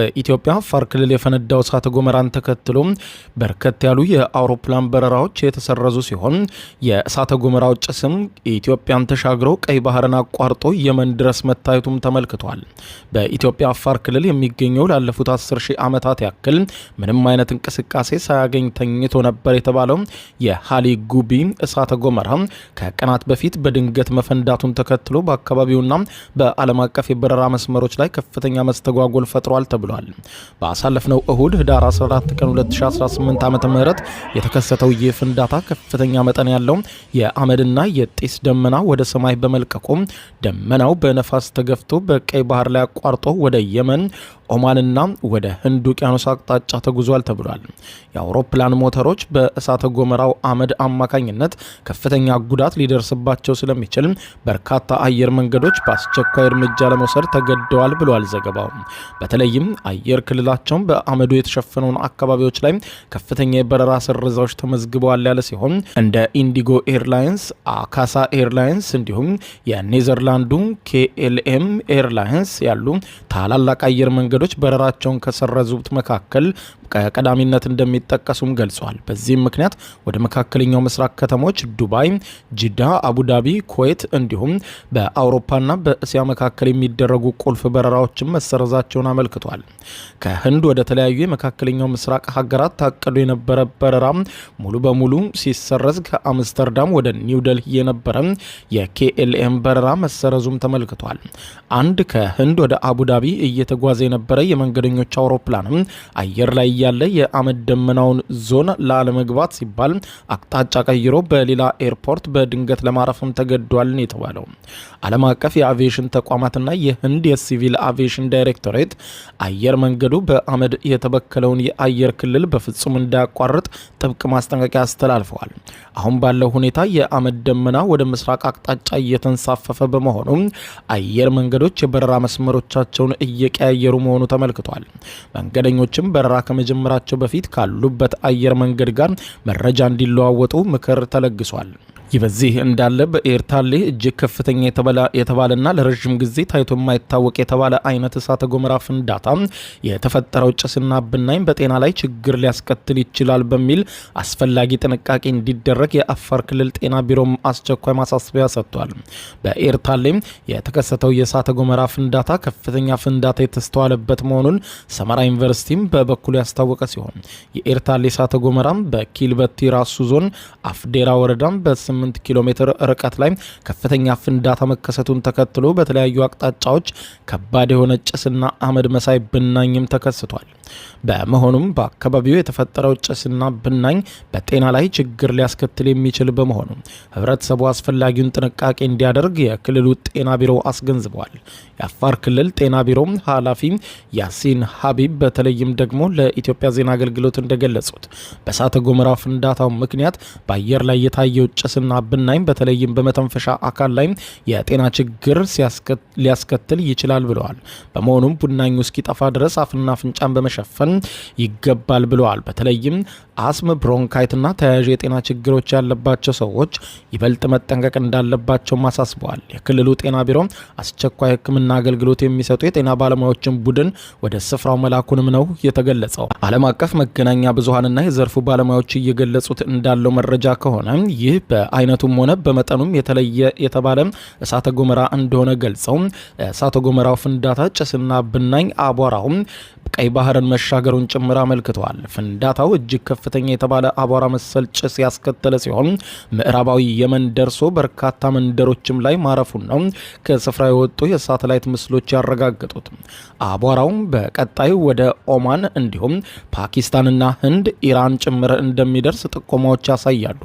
በኢትዮጵያ አፋር ክልል የፈነዳው እሳተ ጎመራን ተከትሎ በርከት ያሉ የአውሮፕላን በረራዎች የተሰረዙ ሲሆን የእሳተ ጎመራው ጭስም ኢትዮጵያን ተሻግረው ቀይ ባህርን አቋርጦ የመን ድረስ መታየቱም ተመልክቷል። በኢትዮጵያ አፋር ክልል የሚገኘው ላለፉት 10 ሺህ ዓመታት ያክል ምንም አይነት እንቅስቃሴ ሳያገኝ ተኝቶ ነበር የተባለው የሃሊ ጉቢ እሳተ ጎመራ ከቀናት በፊት በድንገት መፈንዳቱን ተከትሎ በአካባቢውና በዓለም አቀፍ የበረራ መስመሮች ላይ ከፍተኛ መስተጓጎል ፈጥሯል ተብሏል። ብሏል። ባሳለፍነው እሁድ ህዳር 14 ቀን 2018 ዓ ም የተከሰተው ይህ ፍንዳታ ከፍተኛ መጠን ያለው የአመድና የጢስ ደመና ወደ ሰማይ በመልቀቁም ደመናው በነፋስ ተገፍቶ በቀይ ባህር ላይ አቋርጦ ወደ የመን ኦማንና ወደ ህንድ ውቅያኖስ አቅጣጫ ተጉዟል ተብሏል። የአውሮፕላን ሞተሮች በእሳተ ጎመራው አመድ አማካኝነት ከፍተኛ ጉዳት ሊደርስባቸው ስለሚችል በርካታ አየር መንገዶች በአስቸኳይ እርምጃ ለመውሰድ ተገደዋል ብሏል ዘገባው። በተለይም አየር ክልላቸውን በአመዱ የተሸፈነውን አካባቢዎች ላይ ከፍተኛ የበረራ ስርዛዎች ተመዝግበዋል ያለ ሲሆን እንደ ኢንዲጎ ኤርላይንስ፣ አካሳ ኤርላይንስ እንዲሁም የኔዘርላንዱ ኬኤልኤም ኤርላይንስ ያሉ ታላላቅ አየር መንገዶች መንገዶች በረራቸውን ከሰረዙት መካከል ከቀዳሚነት እንደሚጠቀሱም ገልጿል። በዚህም ምክንያት ወደ መካከለኛው ምስራቅ ከተሞች ዱባይ፣ ጅዳ፣ አቡዳቢ፣ ኩዌት እንዲሁም በአውሮፓና በእስያ መካከል የሚደረጉ ቁልፍ በረራዎችን መሰረዛቸውን አመልክቷል። ከህንድ ወደ ተለያዩ የመካከለኛው ምስራቅ ሀገራት ታቅዶ የነበረ በረራ ሙሉ በሙሉ ሲሰረዝ ከአምስተርዳም ወደ ኒውደል የነበረ የኬኤልኤም በረራ መሰረዙም ተመልክቷል። አንድ ከህንድ ወደ አቡዳቢ እየተጓዘ የነበረ የነበረ የመንገደኞች አውሮፕላንም አየር ላይ እያለ የአመድ ደመናውን ዞን ላለመግባት ሲባል አቅጣጫ ቀይሮ በሌላ ኤርፖርት በድንገት ለማረፍም ተገዷልን የተባለው ዓለም አቀፍ የአቪዬሽን ተቋማትና የህንድ የሲቪል አቪዬሽን ዳይሬክቶሬት አየር መንገዱ በአመድ የተበከለውን የአየር ክልል በፍጹም እንዳያቋርጥ ጥብቅ ማስጠንቀቂያ አስተላልፈዋል። አሁን ባለው ሁኔታ የአመድ ደመና ወደ ምስራቅ አቅጣጫ እየተንሳፈፈ በመሆኑ አየር መንገዶች የበረራ መስመሮቻቸውን እየቀያየሩ መሆኑ መሆኑ ተመልክቷል። መንገደኞችም በረራ ከመጀመራቸው በፊት ካሉበት አየር መንገድ ጋር መረጃ እንዲለዋወጡ ምክር ተለግሷል። ይህ በዚህ እንዳለ በኤርታሌ እጅግ ከፍተኛ የተባለና ለረዥም ጊዜ ታይቶ የማይታወቅ የተባለ አይነት እሳተ ጎመራ ፍንዳታ የተፈጠረው ጭስና ብናኝ በጤና ላይ ችግር ሊያስከትል ይችላል በሚል አስፈላጊ ጥንቃቄ እንዲደረግ የአፋር ክልል ጤና ቢሮም አስቸኳይ ማሳሰቢያ ሰጥቷል። በኤርታሌ የተከሰተው የእሳተ ገሞራ ፍንዳታ ከፍተኛ ፍንዳታ የተስተዋለበት መሆኑን ሰመራ ዩኒቨርሲቲም በበኩሉ ያስታወቀ ሲሆን የኤርታሌ እሳተ ገሞራም በኪልበቲ ራሱ ዞን አፍዴራ ወረዳም በስም 8 ኪሎ ሜትር ርቀት ላይ ከፍተኛ ፍንዳታ መከሰቱን ተከትሎ በተለያዩ አቅጣጫዎች ከባድ የሆነ ጭስና አመድ መሳይ ብናኝም ተከስቷል። በመሆኑም በአካባቢው የተፈጠረው ጭስና ብናኝ በጤና ላይ ችግር ሊያስከትል የሚችል በመሆኑ ህብረተሰቡ አስፈላጊውን ጥንቃቄ እንዲያደርግ የክልሉ ጤና ቢሮ አስገንዝቧል። የአፋር ክልል ጤና ቢሮ ኃላፊ ያሲን ሀቢብ በተለይም ደግሞ ለኢትዮጵያ ዜና አገልግሎት እንደገለጹት በእሳተ ገሞራ ፍንዳታው ምክንያት በአየር ላይ የታየው ጭስና ብናኝ በተለይም በመተንፈሻ አካል ላይ የጤና ችግር ሊያስከትል ይችላል ብለዋል። በመሆኑም ቡናኙ እስኪጠፋ ድረስ አፍና አፍንጫን በመሻ መሸፈን ይገባል ብለዋል። በተለይም አስም፣ ብሮንካይትና ተያያዥ የጤና ችግሮች ያለባቸው ሰዎች ይበልጥ መጠንቀቅ እንዳለባቸውም አሳስበዋል። የክልሉ ጤና ቢሮ አስቸኳይ ሕክምና አገልግሎት የሚሰጡ የጤና ባለሙያዎችን ቡድን ወደ ስፍራው መላኩንም ነው የተገለጸው። ዓለም አቀፍ መገናኛ ብዙሀንና የዘርፉ ባለሙያዎች እየገለጹት እንዳለው መረጃ ከሆነ ይህ በአይነቱም ሆነ በመጠኑም የተለየ የተባለ እሳተ ገሞራ እንደሆነ ገልጸው እሳተ ገሞራው ፍንዳታ ጭስና ብናኝ አቧራውም ቀይ ባህርን መሻገሩን ጭምር አመልክተዋል። ፍንዳታው እጅግ ከፍተኛ የተባለ አቧራ መሰል ጭስ ያስከተለ ሲሆን ምዕራባዊ የመን ደርሶ በርካታ መንደሮችም ላይ ማረፉን ነው ከስፍራ የወጡ የሳተላይት ምስሎች ያረጋገጡት። አቧራው በቀጣይ ወደ ኦማን እንዲሁም ፓኪስታንና ህንድ፣ ኢራን ጭምር እንደሚደርስ ጥቆማዎች ያሳያሉ።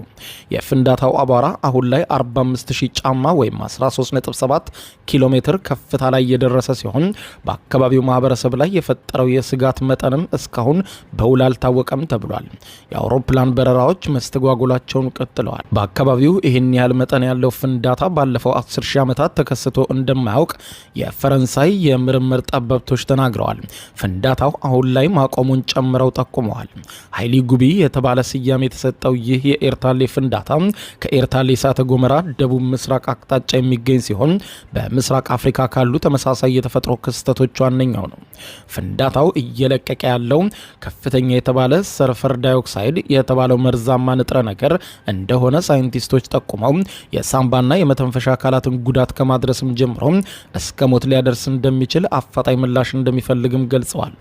የፍንዳታው አቧራ አሁን ላይ 45000 ጫማ ወይም 13.7 ኪሎ ሜትር ከፍታ ላይ የደረሰ ሲሆን በአካባቢው ማህበረሰብ ላይ የፈጠረው የ የስጋት መጠንም እስካሁን በውል አልታወቀም ተብሏል። የአውሮፕላን በረራዎች መስተጓጎላቸውን ቀጥለዋል። በአካባቢው ይህን ያህል መጠን ያለው ፍንዳታ ባለፈው 10 ሺህ ዓመታት ተከስቶ እንደማያውቅ የፈረንሳይ የምርምር ጠበብቶች ተናግረዋል። ፍንዳታው አሁን ላይ ማቆሙን ጨምረው ጠቁመዋል። ሀይሊ ጉቢ የተባለ ስያሜ የተሰጠው ይህ የኤርታሌ ፍንዳታ ከኤርታሌ እሳተ ጎመራ ደቡብ ምስራቅ አቅጣጫ የሚገኝ ሲሆን በምስራቅ አፍሪካ ካሉ ተመሳሳይ የተፈጥሮ ክስተቶች ዋነኛው ነው። ፍንዳታው እየለቀቀ ያለው ከፍተኛ የተባለ ሰርፈር ዳይኦክሳይድ የተባለው መርዛማ ንጥረ ነገር እንደሆነ ሳይንቲስቶች ጠቁመው የሳምባና የመተንፈሻ አካላትን ጉዳት ከማድረስም ጀምሮ እስከ ሞት ሊያደርስ እንደሚችል አፋጣኝ ምላሽ እንደሚፈልግም ገልጸዋል።